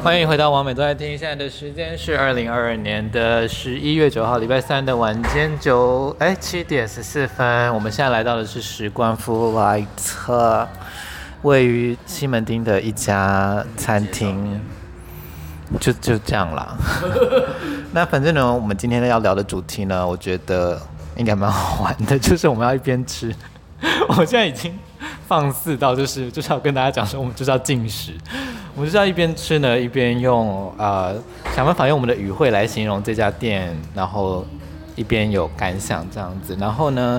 歡迎回到完美都在聽。現在的時間是二零二二年的十一月九號，禮拜三的晚間九哎七點十四分。我們現在來到的是食光 food light，位於西門町的一家餐廳。就就這樣了。 那反正呢，我們今天要聊的主題呢，我覺得應該蠻好玩的，就是我們要一邊吃。我現在已經放肆到就是就是要跟大家講說，我們就是要進食。我就要一邊吃呢，一邊用呃想辦法用我們的語彙來形容這家店，然後一邊有感想這樣子。然後呢，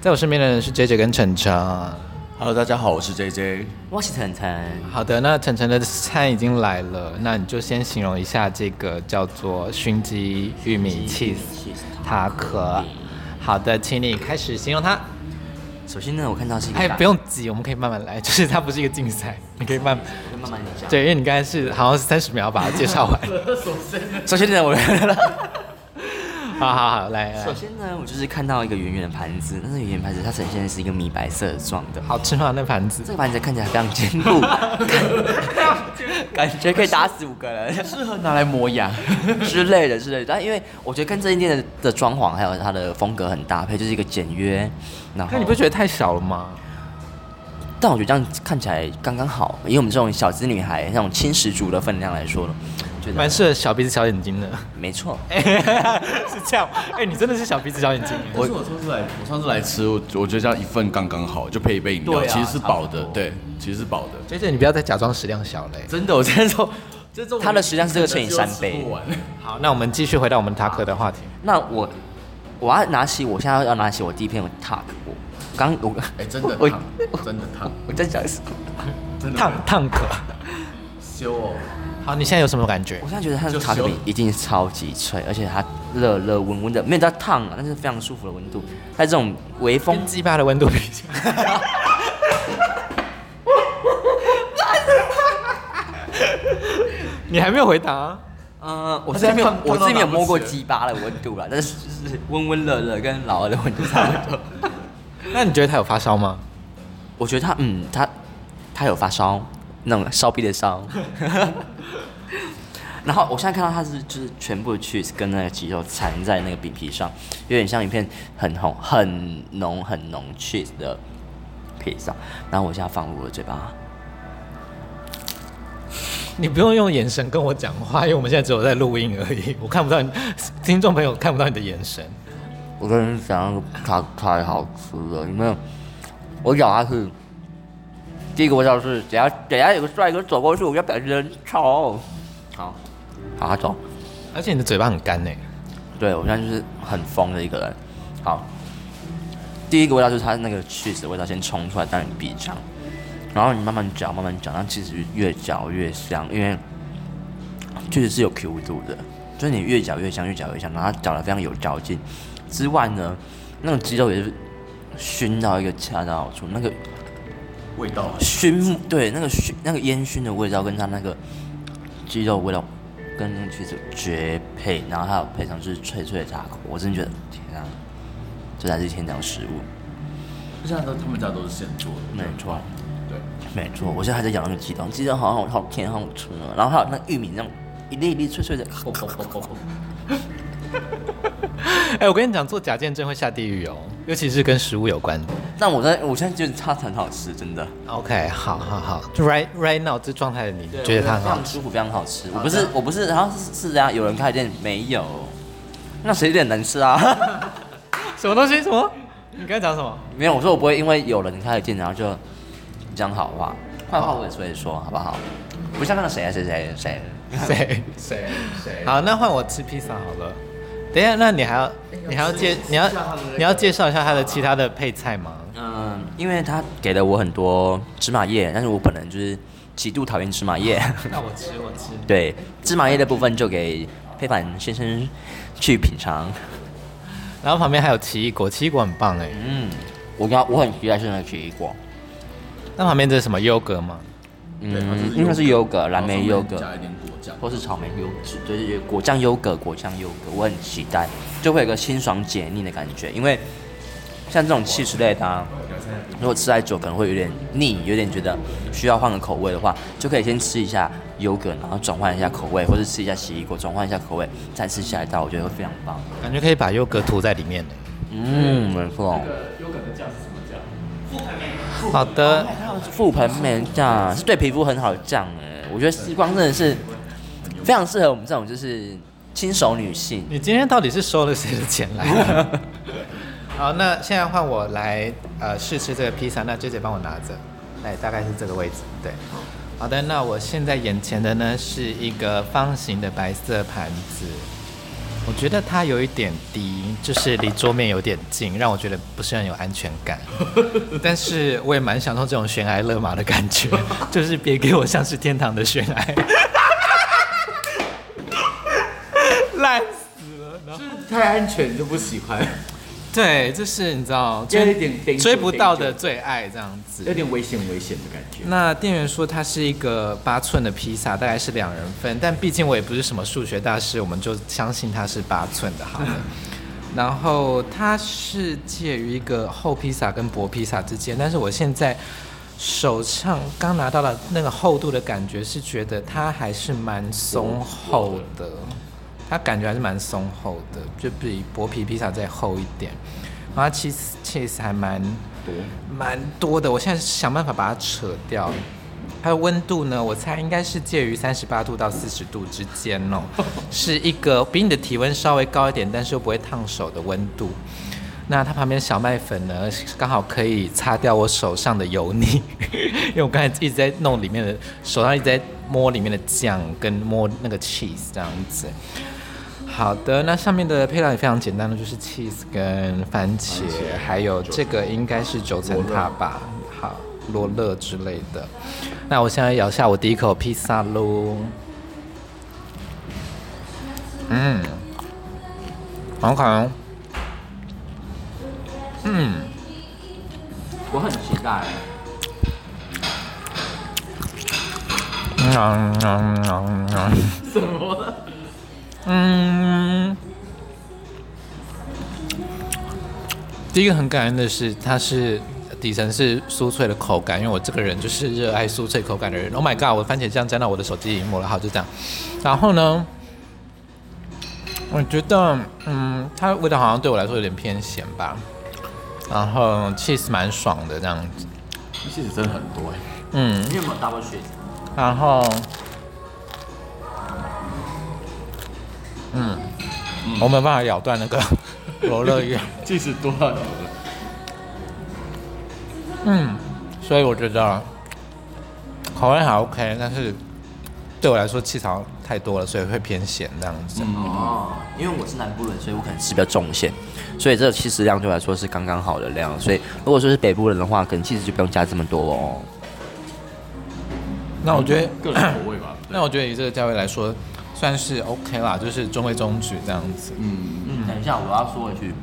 在我身邊的人是 JJ 跟晨晨。哈嘍，大家好，我是 JJ。我是晨晨。好的，那晨晨的餐已經來了，那你就先形容一下這個叫做燻雞玉米 cheese 塔雞可。可美好的，請你開始形容它。首先呢，我看到是一個，哎，不用急，我們可以慢慢來，就是它不是一個競賽，是你可以慢，慢，以慢，慢對，因為你剛才是好像是三十秒把它介紹完。 首先呢，我，好好好，來，來，來。首先呢，我就是看到一個圓圓的盤子，那個圓圓盤子，它呈現的是一個米白色狀的，的，好吃嗎？那盤子？這個盤子看起來非常堅固， 感覺可以打死五個人，適合拿來磨牙之類的之類的。但因為我覺得跟這間店的的裝潢還有它的風格很搭配，就是一個簡約。那你不覺得太小了嗎？但我覺得這樣看起來剛剛好，以我們這種小資女孩那種輕食族的分量來說，覺得蠻適合小鼻子小眼睛的。沒錯錯、欸，是這樣。哎、欸，你真的是小鼻子小眼睛，我是我出。我我上次來，我上次來吃，我我覺得這樣一份剛剛好，就配一杯飲料，對啊、其實是飽的，對，其實是飽的。JJ 你不要再假裝食量小了。真的，我真的說，真、就是、的，他的食量是這個乘以三倍。好的，那我們繼續回到我們 talk 的話題。的那我我要拿起，我現在要拿起我第一篇 talk。剛剛我哎真的我真的燙！我再講一次，燙燙可修哦。好，你現在有什麼感覺？我現在覺得它的超級一定超級脆，而且它熱熱溫溫的，沒有到燙啊，但是非常舒服的溫度。它這種微風雞巴的溫度，哈哈你還沒有回答？嗯，我是沒有，我自己沒有摸過雞巴的溫度了，但是就是溫溫熱熱，跟老二的溫度差不多。那你覺得他有發燒嗎？我覺得他，嗯，他，他有發燒，那種燒逼的燒。 然後我現在看到他是就是全部的 cheese 跟那個雞肉纏在那個餅皮上，有點像一片很紅、很濃、很濃 cheese 的披薩。然後我現在放入我的嘴巴。你不用用眼神跟我講話，因為我們現在只有在錄音而已，我看不到你，聽眾朋友看不到你的眼神。我跟你講，它太，太好吃了，有沒有？我咬下去，第一個味道是，等下等下有個帥哥走過去，我要表現得很醜。好，好，好、啊，走。而且你的嘴巴很乾誒。對，我現在就是很瘋的一個人。好，第一個味道就是它那個 cheese 的味道先衝出來，在你鼻腔，然後你慢慢嚼，慢慢嚼，那其實越嚼越香，因為確實是有 Q 度的，就是你越嚼越香，越嚼越香，然後它嚼得非常有嚼勁。之外呢，那個雞肉也是燻到一個恰到好處，那個味道燻，對，那個燻，那個煙燻的味道，跟它那個雞肉味道跟那個茄子絕配。然後還有配上就是脆脆的炸口，我真的覺得天啊，這才是天堂食物。現在都他們家都是現做的。沒錯，對，沒錯。我現在還在咬那個雞肉，雞肉好像好好甜，好脆啊。然後還有那玉米，那種一粒一粒脆脆的。 哎，我跟你講，做假見證會下地獄哦，尤其是跟食物有關。但我在我現在覺得它很好吃，真的。OK，好，好，好，就 right right now 這狀態的你，覺得它非常舒服，非常好吃。我不是，我不是，然後是這樣，有人開店沒有？那誰有點難吃啊？什麼東西？什麼？你剛才講什麼？沒有，我說我不會因為有人開店，然後就講好話，壞話我也說一說，好不好？不像那個誰誰誰誰誰誰誰。好，那換我吃披薩好了。等下，那你還要你還要介你要你要介紹一下它的其他的配菜嗎？嗯，因為他給了我很多芝麻葉，但是我本人就是極度討厭芝麻葉。哦，那我吃，我吃。對，芝麻葉的部分就給飛帆先生去品嘗。然後旁邊還有奇異果，奇異果很棒哎。嗯，我剛我很期待就是那個奇異果。那旁邊這是什麼優格嗎？嗯，應該是優格，藍莓優格。或是草莓優格，就是果醬優格，果醬優格，我很期待，就會有個清爽解膩的感覺。因為像這種汽水類的、啊，如果吃太久，可能會有點膩，有點覺得需要換個口味的話，就可以先吃一下優格，然後轉換一下口味，或者吃一下奇異果，轉換一下口味，再吃下一道，我覺得會非常棒。感覺可以把優格塗在裡面，嗯，沒錯。優格的醬是什麼醬？覆盆覆盆莓醬是對皮膚很好的醬誒，我覺得食光真的是。非常適合我們這種就是輕熟女性。你今天到底是收了誰的錢來？ 好，那現在換我來呃試吃這個披薩。那 JJ 幫我拿着，來，大概是這個位置，對。好的，那我現在眼前的呢是一個方形的白色盤子，我覺得它有一點低，就是離桌面有點近，讓我覺得不是很有安全感。 但是我也蠻享受這種懸崖勒馬的感覺，就是別給我像是天堂的懸崖。 太安全就不喜歡，對，就是你知道，追一點點追不到的最愛這樣子，有點危險危險的感覺。那店員說它是一個八寸的披薩，大概是兩人份，但畢竟我也不是什麼數學大師，我們就相信它是八寸的好的， 然後它是介於一個厚披薩跟薄披薩之間，但是我現在手上剛拿到了那個厚度的感覺是覺得它還是蠻鬆厚的。它感覺還是蠻鬆厚的，就比薄皮披薩再厚一點。然後 cheese cheese 還蠻蠻多的。我現在想辦法把它扯掉。它的溫度呢，我猜應該是介於三十八度到四十度之間哦、喔，是一個比你的體溫稍微高一點，但是又不會燙手的溫度。那它旁邊小麥粉呢，剛好可以擦掉我手上的油膩，因為我剛才一直在弄裡面的，手上一直在摸裡面的醬跟摸那個 cheese 這樣子。好的，那上面的配料也非常簡單的，就是 cheese 跟番茄，番茄還有這個應該是九層塔吧，羅勒好羅勒之類的。那我現在咬下我第一口披薩嘍。嗯，好烤。嗯，我很期待、欸。啊啊啊啊！什麼？嗯。第一個很感恩的是，它是底層是酥脆的口感，因為我這個人就是熱愛酥脆口感的人。Oh my god！我的番茄醬沾到我的手機螢幕了，好，就這樣。然後呢，我覺得，嗯，它味道好像對我來說有點偏鹹吧。然後，cheese 蠻爽的這樣子。cheese 真的很多哎。嗯，因為有 double cheese。然後，嗯，我沒辦法咬斷那個。我樂意，起司 多好多了。嗯，所以我覺得口、啊、味還 OK，但是對我來說起司太多了，所以會偏鹹這樣子，嗯。哦，因為我是南部人，所以我可能是比較重鹹，所以這個起司量對我來說是剛剛好的量。所以如果說是北部人的話，可能起司就不用加這麼多哦。那我覺得個人口味吧。 那我覺得以這個價位來說。算是 OK 啦，就是中規中矩這樣子。嗯嗯，等一下我要說一句，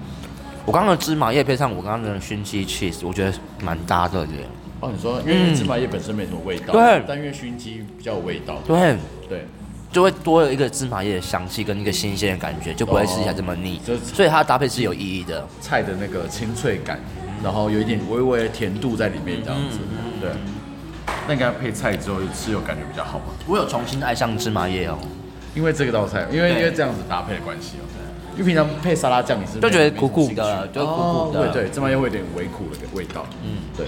我剛剛的芝麻葉配上我剛剛的燻雞 cheese，我覺得蠻搭的，我覺得。哦，你說因為芝麻葉本身沒什麼味道，對。但因為燻雞比較有味道，對對，就會多了一個芝麻葉的香氣跟一個新鮮的感覺，就不會吃起來這麼膩。所以它搭配是有意義的。菜的那個清脆感，然後有一點微微的甜度在裡面這樣子。對。那你給它配菜之後吃有感覺比較好嗎？我有重新愛上芝麻葉哦。因為這個道菜，因為因為這樣子搭配的關係哦，因為平常配沙拉醬，你是不是就覺得苦苦的，就苦苦的，對對，這邊又會有點微苦的個味道，嗯對。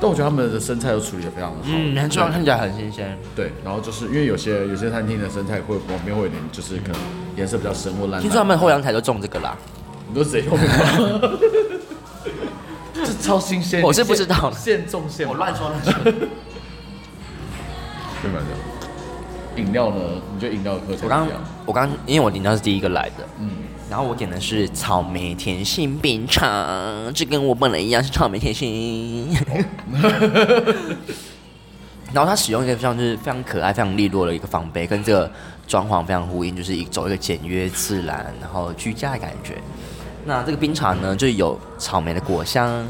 但我覺得他們的生菜都處理的非常的好，嗯，你看這樣，看起來很新鮮。對，然後就是因為有些有些餐廳的生菜會旁邊會有點，就是可能顏色比較深或爛。聽說他們後陽台都種這個啦？你說誰用？這超新鮮，我是不知道，現種現，我亂說亂說對吧？飲料呢？你覺得飲料喝？我剛剛，我剛剛，因為我飲料是第一個來的，嗯，然後我點的是草莓甜心冰茶，這跟我本人一樣是草莓甜心，哦、 然後它使用一個就是非常可愛、非常利落的一個方杯，跟這個裝潢非常呼應，就是一走一個簡約自然，然後居家的感覺。那這個冰茶呢，就有草莓的果香，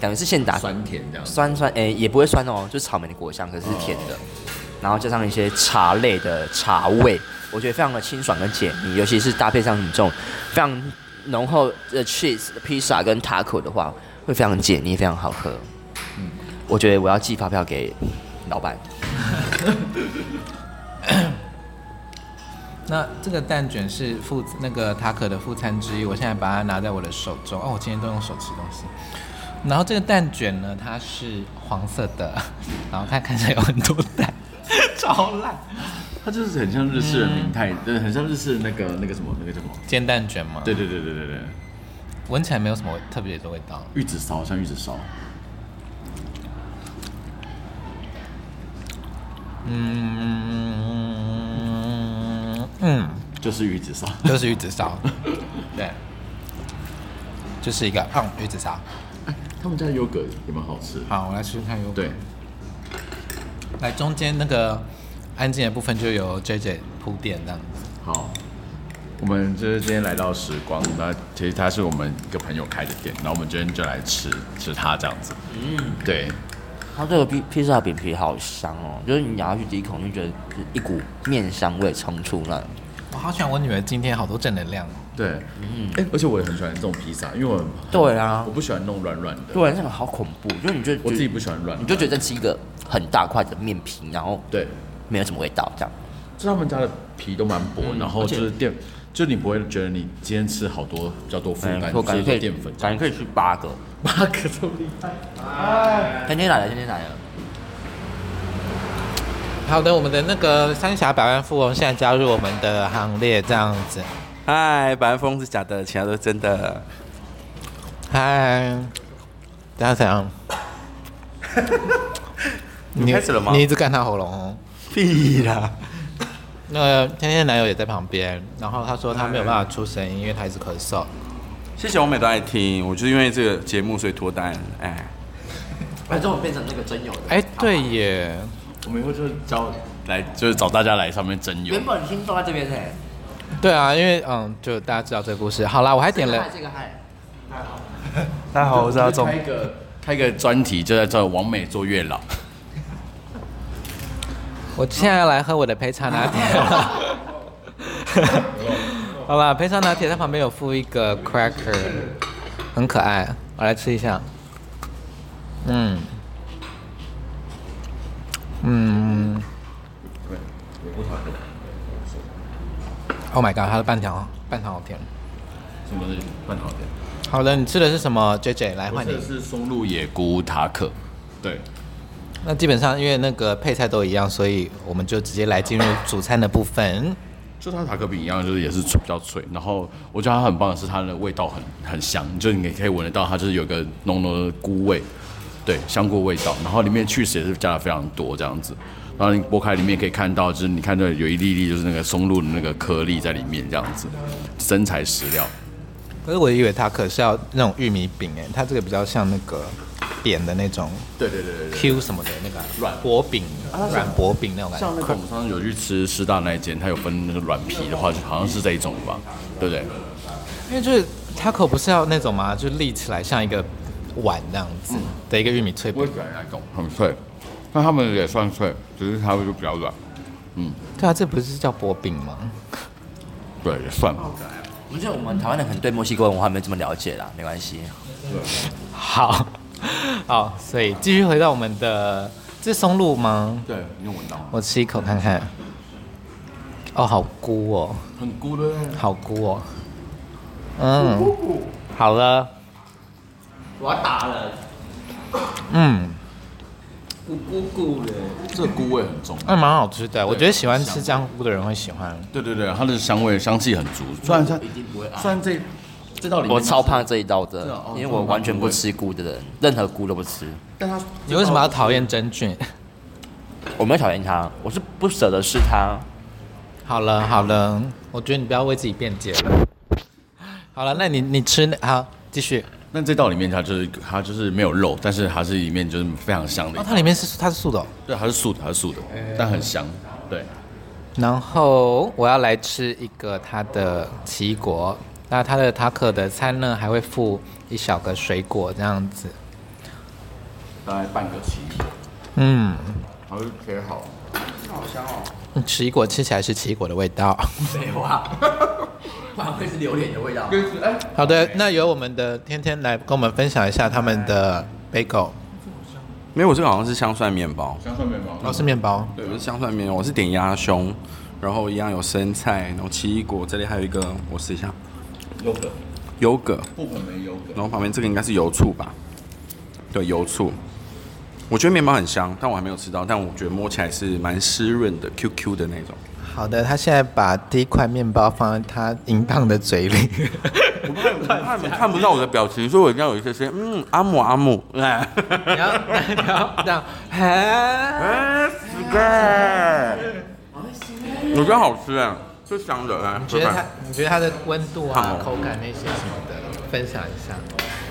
感覺是現打酸甜這樣，酸酸哎、欸，也不會酸哦，就是草莓的果香，可是，是甜的。哦然後加上一些茶類的茶味，我覺得非常的清爽跟解膩，尤其是搭配上你這種非常濃厚的 cheese、pizza 跟塔可的話，會非常解膩，非常好喝。嗯，我覺得我要寄發票給老闆。 那這個蛋卷是副那個塔可的副餐之一，我現在把它拿在我的手中。哦，我今天都用手吃東西。然後這個蛋卷呢，它是黃色的，然後它看起來有很多蛋。好爛，它就是很像日式的明太，對、嗯嗯，很像日式的那個那個什麼那個什麼煎蛋卷嘛。對對對對對對，聞起來沒有什麼特別的味道。玉子燒像玉子燒、嗯，嗯嗯，就是玉子燒，就是玉子燒， 對，就是一個嗯玉子燒、哎。他們家的優格也蠻好吃。好，我來試試看優格。對，來中間那個。安靜的部分就由 JJ 鋪墊這樣子。好，我們就是今天來到食光，那其實它是我們一個朋友開的店，然後我們今天就來吃吃它這樣子。嗯，對。它這個披披薩餅皮好香哦，就是你咬下去第一口就覺得就是一股麵香味衝出來。我好喜歡我女兒今天好多正能量哦。對，嗯，哎、欸，而且我也很喜歡這種披薩，因為我很，對啊，我不喜歡弄軟軟的，對，這個好恐怖，就你覺得我自己不喜歡軟，你就覺得這是一個很大塊的面皮，然後對。沒有什麼味道，這樣。就他們家的皮都蠻薄，然後就是澱，就你不會覺得你今天吃好多，比較多負擔，直接澱粉，感覺可以去八個，八個超厲害。哎，天天來了？天天來了？好的，我們的那個三峽百萬富翁現在加入我們的行列，這樣子。嗨，百萬富翁是假的，其他都是真的。嗨，大家怎樣？你開始了嗎？你一直幹他喉嚨。哦。屁啦！那個、呃、天天男友也在旁邊，然後他說他沒有辦法出聲音，哎、因為他一直咳嗽。謝謝王美都在聽，我就是因為這個節目所以脫單，哎，反正我變成這個真友的，哎，吧對耶，我們以後就是找來，就是找大家來上面真友。原本聽說他這邊誰？對啊，因為嗯，就大家知道這個故事。好啦，我還點了這個嗨，這個、嗨大家好，大家好，我是阿中，開一個開一個專題，就在這王美做月老。我現在要來喝我的培茶拿鐵了， 好了，培茶拿鐵它旁邊有附一個 cracker，很可愛，我來吃一下，嗯，嗯，哦、oh、my god，它是半糖，半糖好甜，什麼是,是半糖好,好的，你吃的是什麼？JJ 來換你，我吃的是松露野菇塔克，對。那基本上，因為那個配菜都一樣，所以我們就直接來進入主餐的部分。就它塔克餅一樣，就是也是比較脆。然後我覺得它很棒的是，它的味道很很香，就你可以聞得到，它就是有個濃濃的菇味，對，香菇味道。然後裡面 cheese 也是加了非常多這樣子。然後你剝開裡面可以看到，就是你看到有一粒粒就是那個松露的那個顆粒在裡面這樣子，真材實料。可是我以為它可是要那種玉米餅哎、欸，它這個比較像那個。點的那種，對對 Q 什麼的那個軟薄餅，軟薄餅那種感覺。像我們上次有去吃師大那一間，它有分那個軟皮的話，就好像是這一種吧，對不對？因為就是 taco 不是要那種嘛，就立起來像一個碗那樣子的一個玉米脆餅那種，很脆。那他們也算脆，只是他們就比較軟。嗯，對啊，這不是叫薄餅嗎？對，也算。我們覺得我們台灣人可能對墨西哥文化沒這麼了解啦，沒關係。好。好、哦，所以繼續回到我們的，這是松露嗎？對，你有聞到嗎？我吃一口看看。對哦，好菇哦。很菇的。好菇哦。嗯。嗯好了。我打了。嗯。菇菇菇的。這個菇味很重。哎、欸，蠻好吃的。對我覺得喜歡吃香菇的人會喜歡。對對對，它的香味香氣很足。雖然算一定不會雖然這。我超怕這一道的，因為我完全不吃菇的人，任何菇都不吃。但他，你為什麼要討厭真菌？我沒有討厭它，我是不捨得吃它。好了好了，我覺得你不要為自己辯解了。好了，那你你吃好繼續。那這道裡面它就是它就是沒有肉，但是它是裡面就是非常香的、哦。它裡面是它是素的、哦，對，它是素的，它是素的，但很香，對。欸、然後我要來吃一個它的奇異果。那它的塔克的餐呢，還會附一小個水果這樣子，嗯，大概半個奇異嗯，然後切好吃，好香哦！奇異果吃起來是奇異果的味道，沒有啊，會不會是榴蓮的味道？好的，那由我們的天天來跟我們分享一下他們的 b a 貝果。沒有，我這個好像是香蒜麵包。香蒜麵包，哦是麵包，對吧，我是香蒜麵我是點鴨胸，然後一樣有生菜，然後奇異果，這裡還有一個，我試一下。油格，油格，不格，油格。然後旁邊這個應該是油醋吧？對，油醋。我覺得麵包很香，但我還沒有吃到，但我覺得摸起來是蠻濕潤的，Q Q 的那種。好的，他現在把第一塊麵包放在他銀胖的嘴裡。看， 看不到我的表情，所以我一定要有一些些，嗯，阿姆，阿姆，你要，你要這樣，哎，死哥，我覺得好吃哎。就香的啊！看你覺得它，你覺得它的溫度啊、哦、口感那些什麼的，嗯、分享一下。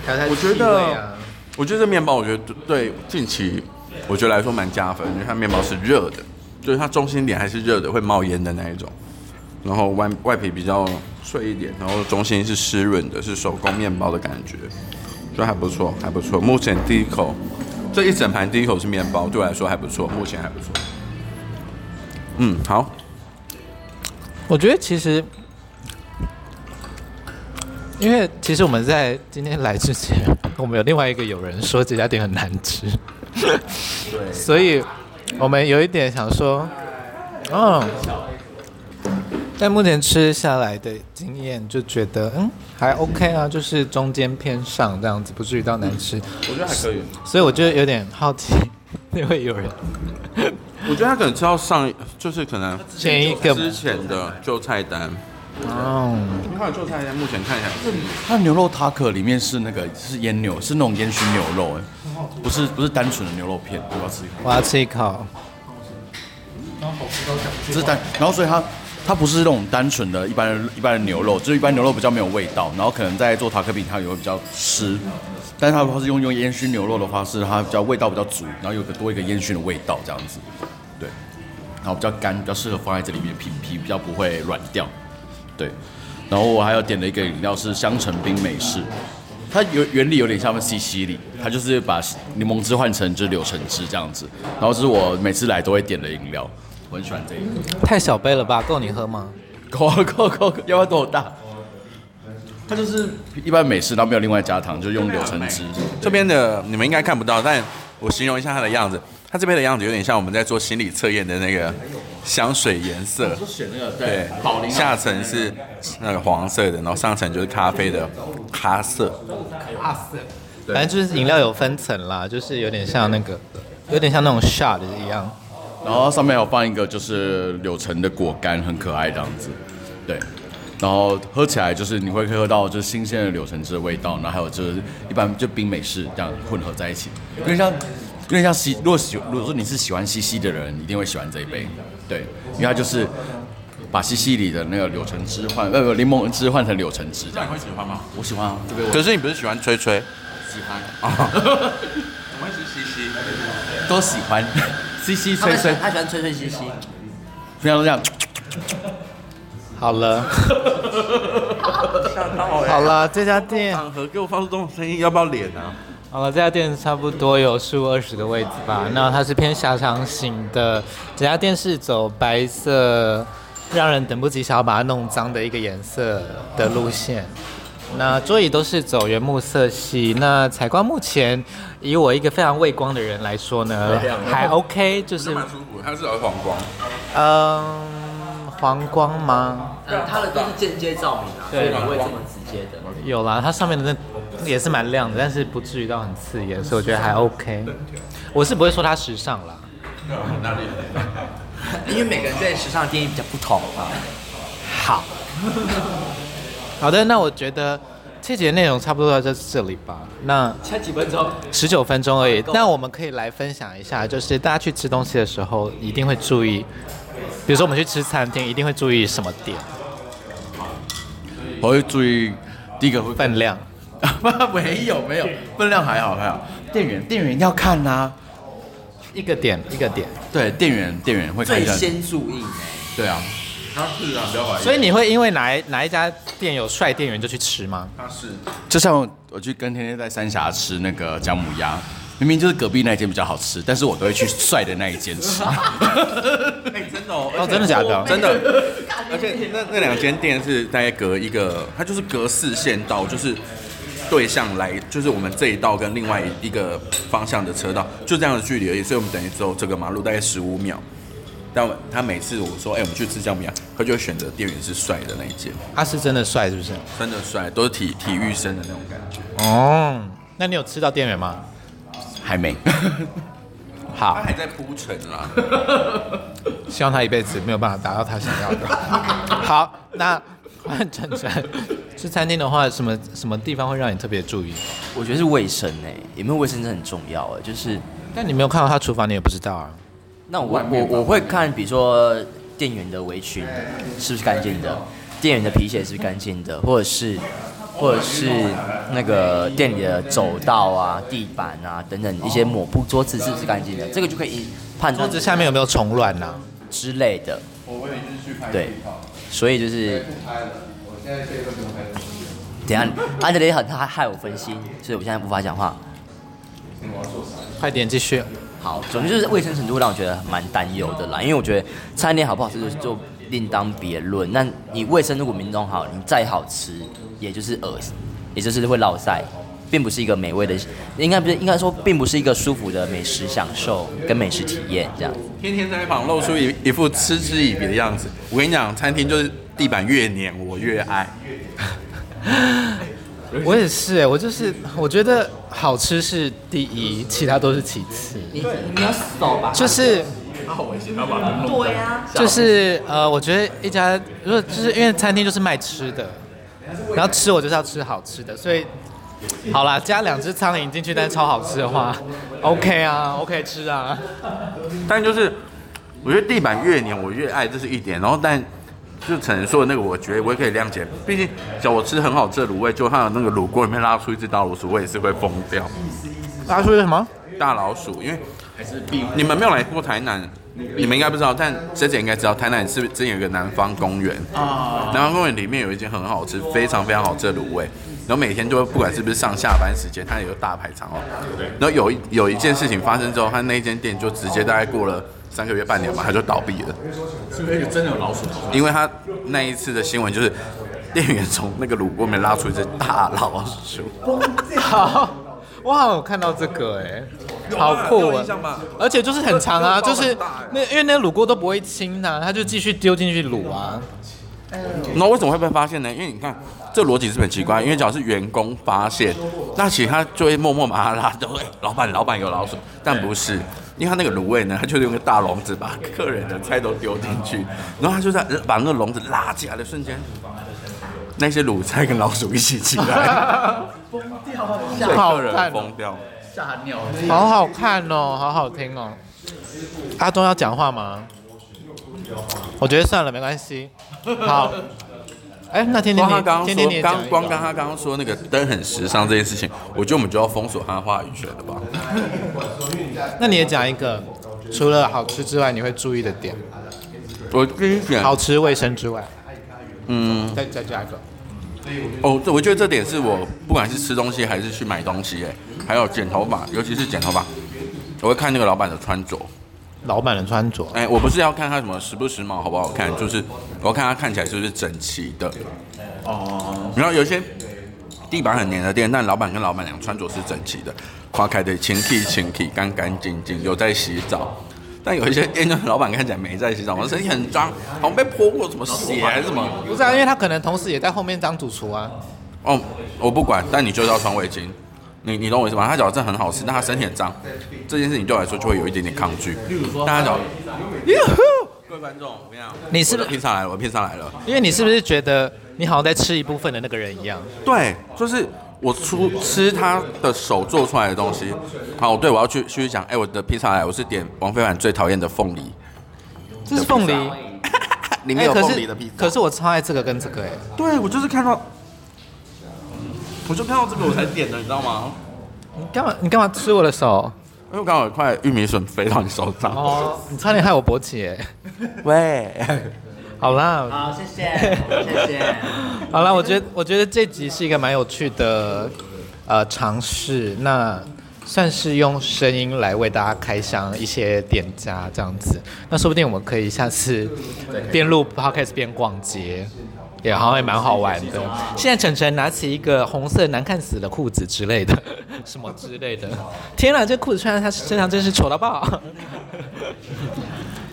還有它的氣味啊我覺得。我覺得這面包，我覺得對近期我覺得來說蠻加分，因為它麵包是熱的，就是它中心點還是熱的，會冒煙的那一種。然後外外皮比較脆一點，然後中心是濕潤的，是手工面包的感覺，就還不錯，還不錯。目前第一口，這一整盤第一口是面包，對我來說還不錯，目前還不錯。嗯，好。我覺得其實，因為其實我們在今天來之前，我們有另外一個友人說這家店很難吃，所以我們有一點想說，嗯、哦，在目前吃下來的經驗，就覺得嗯還 OK 啊，就是中間偏上這樣子，不至於到難吃，我覺得還可以，以，所以我覺得有點好奇那位友人。 我覺得他可能知道上，就是可能前，前一個之前的舊菜單哦，你看舊菜單，目前看一下，它的牛肉塔可裡面是那個是煙牛，是那種煙燻牛肉哎，不是不是單純的牛肉片，我要吃一口，我要吃一口，它好吃到講究，然後所以它它不是那種單純的、的，一般一般的牛肉，就是一般牛肉比較沒有味道，然後可能在做塔可餅它也會比較濕，但是它如果是用用煙燻牛肉的話，是它比較味道比較足，然後有個多一個煙燻的味道這樣子。然後比較乾，比較適合放在這裡面皮皮，比較不會軟掉。對，然後我還有點了一個飲料是香橙冰美式，它原理有點像西西里，它就是把檸檬汁換成就是柳橙汁這樣子。然後這是我每次來都會點的飲料，我很喜歡這個。太小杯了吧？夠你喝嗎？夠夠夠，夠，要不要多大？它就是一般美式，它沒有另外加糖，就用柳橙汁。這邊的你們應該看不到，但我形容一下它的樣子。它這邊的樣子有點像我們在做心理測驗的那個香水顏色，對，下層是那個黃色的，然後上層就是咖啡的咖色，咖色，反正就是飲料有分層啦，就是有點像那個，有點像那種 shot 一樣。然後上面有放一個就是柳橙的果乾，很可愛這樣子，對。然後喝起來就是你會喝到就是新鮮的柳橙汁的味道，然後還有就是一般就冰美式這樣混合在一起，有點像。因為像西，如果喜如果說你是喜歡西西的人，一定會喜歡這一杯，對，因為它就是把西西里的那個柳橙汁換呃檸檬汁換成柳橙汁，這樣你會喜歡嗎？我喜歡啊，這杯可是你不是喜歡吹吹？喜歡啊，怎麼一直西西？都喜歡，西西、哦、吹吹他，他喜歡吹吹西西，平常都這樣， 好了，哈哈哈哈好了，這家店場合給我發出這種聲音，要不要臉呢、啊？好了，這家店差不多有十五二十個位置吧。對對對那它是偏狹長型的，這家店是走白色，讓人等不及想要把它弄髒的一個顏色的路線。對對對那桌椅都是走原木色系。那採光目前以我一個非常畏光的人來說呢，對對對還 OK，就是，就舒服，它是黃光，嗯，黃光嗎？嗯、它的都是間接照明啊，對所以不會這麼直接的。有啦，它上面的那。也是蠻亮的，但是不至於到很刺眼，所以我覺得還 OK。我是不會說它時尚啦， 因為每個人對時尚的定義比較不同啊。好， 好的，那我覺得這節內容差不多要在這裡吧。那才幾分鐘，十九分鐘而已。那我們可以來分享一下，就是大家去吃東西的時候一定會注意，比如說我們去吃餐廳，一定會注意什麼點？我會注意第一個會分量。 沒有沒有，分量還好還好店員。店員店員要看啊，一，一個點一個點，對，店員店員會最先注意誒。對啊，他是啊，所以你會因為哪哪一家店有帥店員就去吃嗎？他是，就像我去跟天天在三峽吃那個薑母鴨，明明就是隔壁那一間比較好吃，但是我都會去帥的那一間吃。真的哦，真的假的？真的。而且那那兩間店是大概隔一個，它就是隔四線道，就是。對向來就是我們這一道跟另外一個方向的車道，就這樣的距離而已，所以我們等於走這個馬路大概十五秒。但他每次我說：“哎、欸，我們去吃薑母鴨。”，他就會選擇店員是帥的那一間。他是真的帥，是不是？真的帥，都是體體育生的那種感覺。哦，那你有吃到店員嗎？還沒。 好，他還在鋪陳了。希望他一輩子沒有辦法達到他想要的。 好，那換岑岑。吃餐廳的話，什麼什麼地方會讓你特別注意？我覺得是衛生呢，有沒有衛生真的很重要啊。就是，但你沒有看到他廚房，你也不知道啊。那我我我，我會看，比如說店員的圍裙是不是乾淨的，店員、欸、的皮鞋是不是乾淨的，欸、或者是、欸、或者是那個店裡的走道啊、欸、有有地板啊等等一些抹布、桌子是不是乾淨的，這個就可以判斷。這下面有沒有蟲卵啊之類的？對，所以就是。等下，安德烈很他害我分心，所以我現在無法講話。快點繼續。好，總之就是衛生程度讓我覺得蠻擔憂的啦，因為我覺得餐點好不好吃就就另當別論。那你衛生如果沒弄好，你再好吃也就是噁心，也就是會落賽，並不是一個美味的，應該不是應該說並不是一個舒服的美食享受跟美食體驗這樣。天天在一旁露出一一副嗤之以鼻的樣子，我跟你講，餐廳就是。地板越黏，我越愛。 我也是，我就是我覺得好吃是第一，就是、其他都是其次。你你有吧？就是把、嗯、對呀、啊。就是呃，我覺得一家如果就是因為餐廳就是賣吃的，然後吃我就是要吃好吃的，所以好啦，加兩隻蒼蠅進去，但是超好吃的話，OK 啊，OK 吃啊。但就是我覺得地板越黏，我越愛，這是一點。然後但。就陳說的那個，我覺得我也可以諒解。畢竟，叫我吃很好吃的滷味，就他那個滷鍋裡面拉出一隻大老鼠，我也是會瘋掉。拉出一個什麼大老鼠？因為你們沒有來過台南，你們應該不知道，但師姐應該知道，台南是不是真有一個南方公園啊。南方公園裡面有一間很好吃，非常非常好吃的滷味，然後每天就不管是不是上下班時間，它也有大排長龍哦。然後有一有一件事情發生之後，他那間店就直接大概過了，三個月半年嘛，他就倒閉了。這個真的有老鼠頭，因為他那一次的新聞就是，店員從那個滷鍋裡面拉出一隻大老鼠。好，哇，我看到這個哎、欸，好酷啊、欸！而且就是很長啊，就是那因為那滷鍋都不會清的，它就繼續丟進去滷啊。那為什麼會被發現呢？因為你看。這邏輯是很奇怪，因為只要是員工發現，那其實他就會默默把他拉走，哎。老闆，老闆有老鼠，但不是，因為他那個滷味呢，他就是用個大籠子把客人的菜都丟進去，然後他就在把那個籠子拉起來的瞬間，那些滷菜跟老鼠一起起來，嚇 人，瘋掉，嚇尿，好好看哦，好好聽哦。阿中要講話嗎？我覺得算了，沒關係。好。哎、欸，那天天，光他剛剛說，光光他剛剛說那個燈很時尚這件事情，我覺得我們就要封鎖他話語權了吧？ 那你也講一個，除了好吃之外，你會注意的點。我跟你講，好吃衛生之外，嗯，再再加一個。哦，這我覺得這點是我不管是吃東西還是去買東西，哎，還有剪頭髮，尤其是剪頭髮，我會看那個老闆的穿着。老闆的穿着，哎，我不是要看他什麼時不時髦、好不好看，就是我要看他看起來是不是整齊的。哦，然後有些地板很黏的店，但老闆跟老闆娘穿着是整齊的，花開的清剃清剃，干干淨淨，有在洗澡。但有一些店老闆看起來沒在洗澡，我身體很髒，好像被潑過怎麼寫什麼血還是什麼？不是啊，因為他可能同時也在後面當主廚啊。哦，我不管，但你就要穿圍巾。你你懂我意思嗎？他覺得這很好吃，但他身體很髒，這件事情對我來說就會有一點點抗拒。大家講，各位觀眾，你是不是披薩來了？我披薩來了，因為你是不是覺得你好像在吃一部分的那個人一樣？對，就是我出吃他的手做出來的東西。好，對我要去繼續講。哎、欸，我的披薩來，我是點王飛帆最討厭的鳳梨。這是鳳梨，裡面、欸、有鳳梨的披薩。可是我超愛這個跟這個哎。對我就是看到。我就看到這個我才點的，你知道嗎？你幹嘛？你幹嘛吃我的手？因為我剛好一塊玉米筍飛到你手上。哦，你差點害我勃起。喂，好啦。好，謝謝，謝謝。好了，我覺得，我覺得這集是一個蠻有趣的，呃，嘗試，那算是用聲音來為大家開箱一些店家這樣子。那說不定我們可以下次邊錄 podcast 開始邊逛街。也好像也蠻好玩的。現在晨晨拿起一個紅色難看死的褲子之類的，什麼之類的。天啊，這褲子穿在他身上真是醜到爆。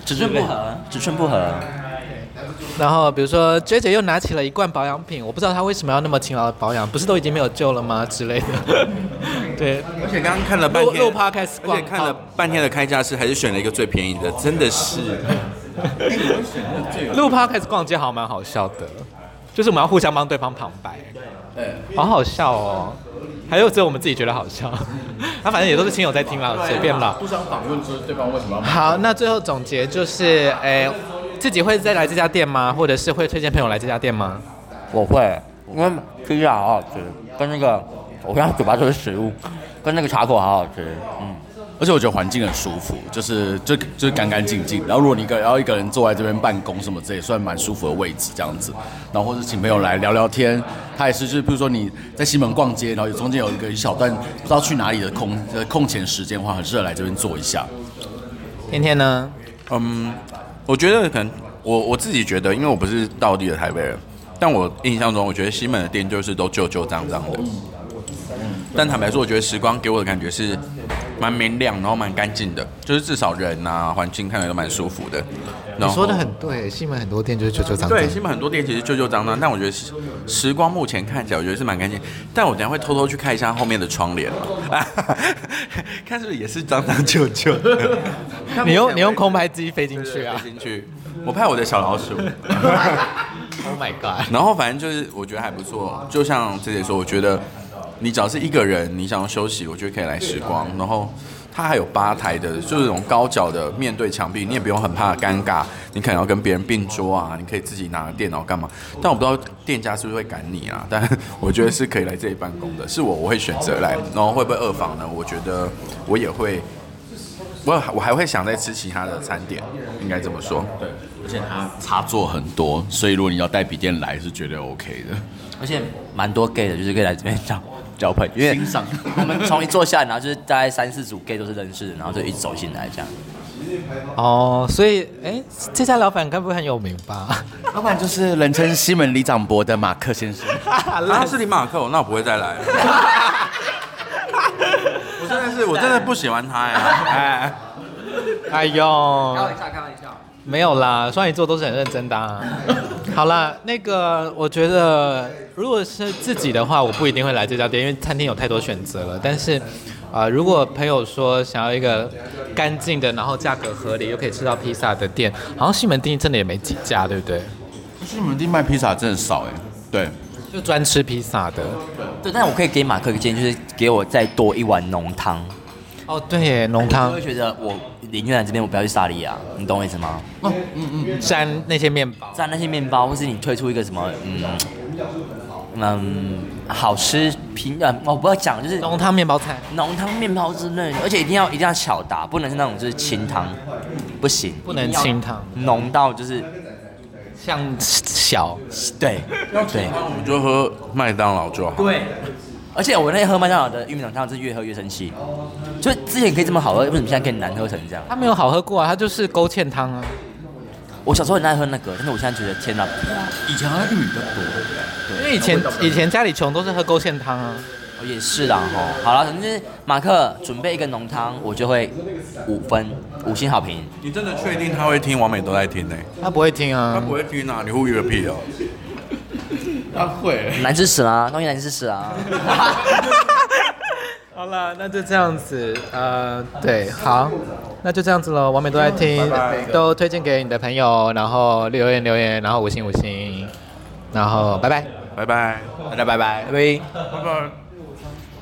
尺寸不合，尺寸不合。然後比如說，J J 又拿起了一罐保養品，我不知道他為什麼要那麼勤勞保養，不是都已經沒有救了嗎？之類的。對，而且剛剛看了半天，開始逛，看了半天的開價是還是選了一個最便宜的，真的是。六趴開始逛街好像蠻好笑的。就是我們要互相幫對方旁白，對，好好笑哦，還有只有我們自己覺得好笑，他、啊、反正也都是親友在聽啦，隨便吧，互相討論就是對方為什麼好，那最後總結就是，哎、欸，自己會再來這家店嗎？或者是會推薦朋友來這家店嗎？我會，因為這家好好吃，跟那個，我剛剛嘴巴說的食物，跟那個茶果好好吃，嗯。而且我覺得環境很舒服，就是就就乾乾淨淨。然後如果你一個要一個人坐在這邊辦公什麼，這也算蠻舒服的位置這樣子。然後或者請朋友來聊聊天，他也是就是譬如說你在西門逛街，然後中間有一個一小段不知道去哪裡的空的空閒時間的話，很適合來這邊坐一下。天天呢？嗯，我覺得可能我我自己覺得，因為我不是道地的台北人，但我印象中我覺得西門的店就是都舊舊髒髒的。但坦白說，我覺得食光給我的感覺是。蠻明亮，然後蠻乾淨的，就是至少人吶、啊，環境看起來都蠻舒服的。你說的很對，西門很多店就是舊舊髒髒。對，西門很多店其實舊舊髒髒，但我覺得食光目前看起來，我覺得是蠻乾淨。但我等下會偷偷去看一下後面的窗簾、啊、看是不是也是髒髒舊舊。你用你用空拍機飛進去啊？飛進去，我拍我的小老鼠。 oh my god！然後反正就是我覺得還不錯，就像姐姐說，我覺得。你只要是一個人，你想要休息，我覺得可以來時光。然後它還有吧台的，就是那種高腳的，面對牆壁，你也不用很怕尷尬。你可能要跟別人併桌啊，你可以自己拿個電腦幹嘛？但我不知道店家是不是會趕你啊？但我覺得是可以來這裡辦公的。是我，我會選擇來。然後會不會二房呢？我覺得我也會，我我還會想再吃其他的餐點，應該這麼說。對，而且它插座很多，所以如果你要帶筆電來，是絕對 OK 的。而且蠻多 gay 的，就是可以來這邊這樣。交朋友，因為我們從一坐下然後就是大概三四組 gay 都是認識的，然後就一直走進來這樣。哦，oh, 所以，哎、欸，這家老闆該不會很有名吧？ 老闆就是人稱西門里長伯的馬克先生。 啊、他是李馬克，那我不會再來。我真的是，我真的不喜歡他哎。 哎呦，開玩笑，開玩笑，沒有啦，雙魚座都是很認真的、啊。 好了，那個我覺得，如果是自己的話，我不一定會來這家店，因為餐廳有太多選擇了。但是，啊、呃，如果朋友說想要一個乾淨的，然後價格合理，又可以吃到披薩的店，好像西門町真的也沒幾家，對不對？西門町賣披薩真的少誒，對，就專吃披薩的。對，但我可以給馬克一個建議，就是給我再多一碗濃湯。哦，oh, 對耶，濃湯。啊、我會覺得我林俊南這邊我不要去薩莉亞，你懂我意思嗎？哦，嗯嗯，沾那些麵包，沾那些麵包，或是你推出一個什麼，嗯，嗯，好吃平，呃、嗯，我不要講，就是濃湯麵包餐，濃湯麵包之類，而且一定要一定要小打，不能是那種就是清湯，不行，不能清湯，濃到就是像小，對，對，我們對就喝麥當勞就好。對。而且我那天喝麥當勞的玉米濃湯是越喝越生氣，所以之前可以這麼好喝，為什麼現在可以難喝成這樣？他沒有好喝過啊，他就是勾芡湯啊。我小時候很愛喝那個，但是我現在覺得天吶，以前他玉米的多。對。因為以前以前家裡窮，都是喝勾芡湯啊。也是啊，好了，反、就、正、是、馬克準備一個濃湯，我就會五分五星好評。你真的確定他會聽？王美都在聽呢、欸。他不會聽啊。他不會聽啊！你忽悠個屁啊、喔！ 啊，會難支持啦，恭喜難支持啊。好了，那就這樣子，呃，對，好，那就這樣子嘍。完美都在聽，都推薦給你的朋友，然後留言留言，然後五星五星，然後拜拜，拜拜，大家拜拜，拜。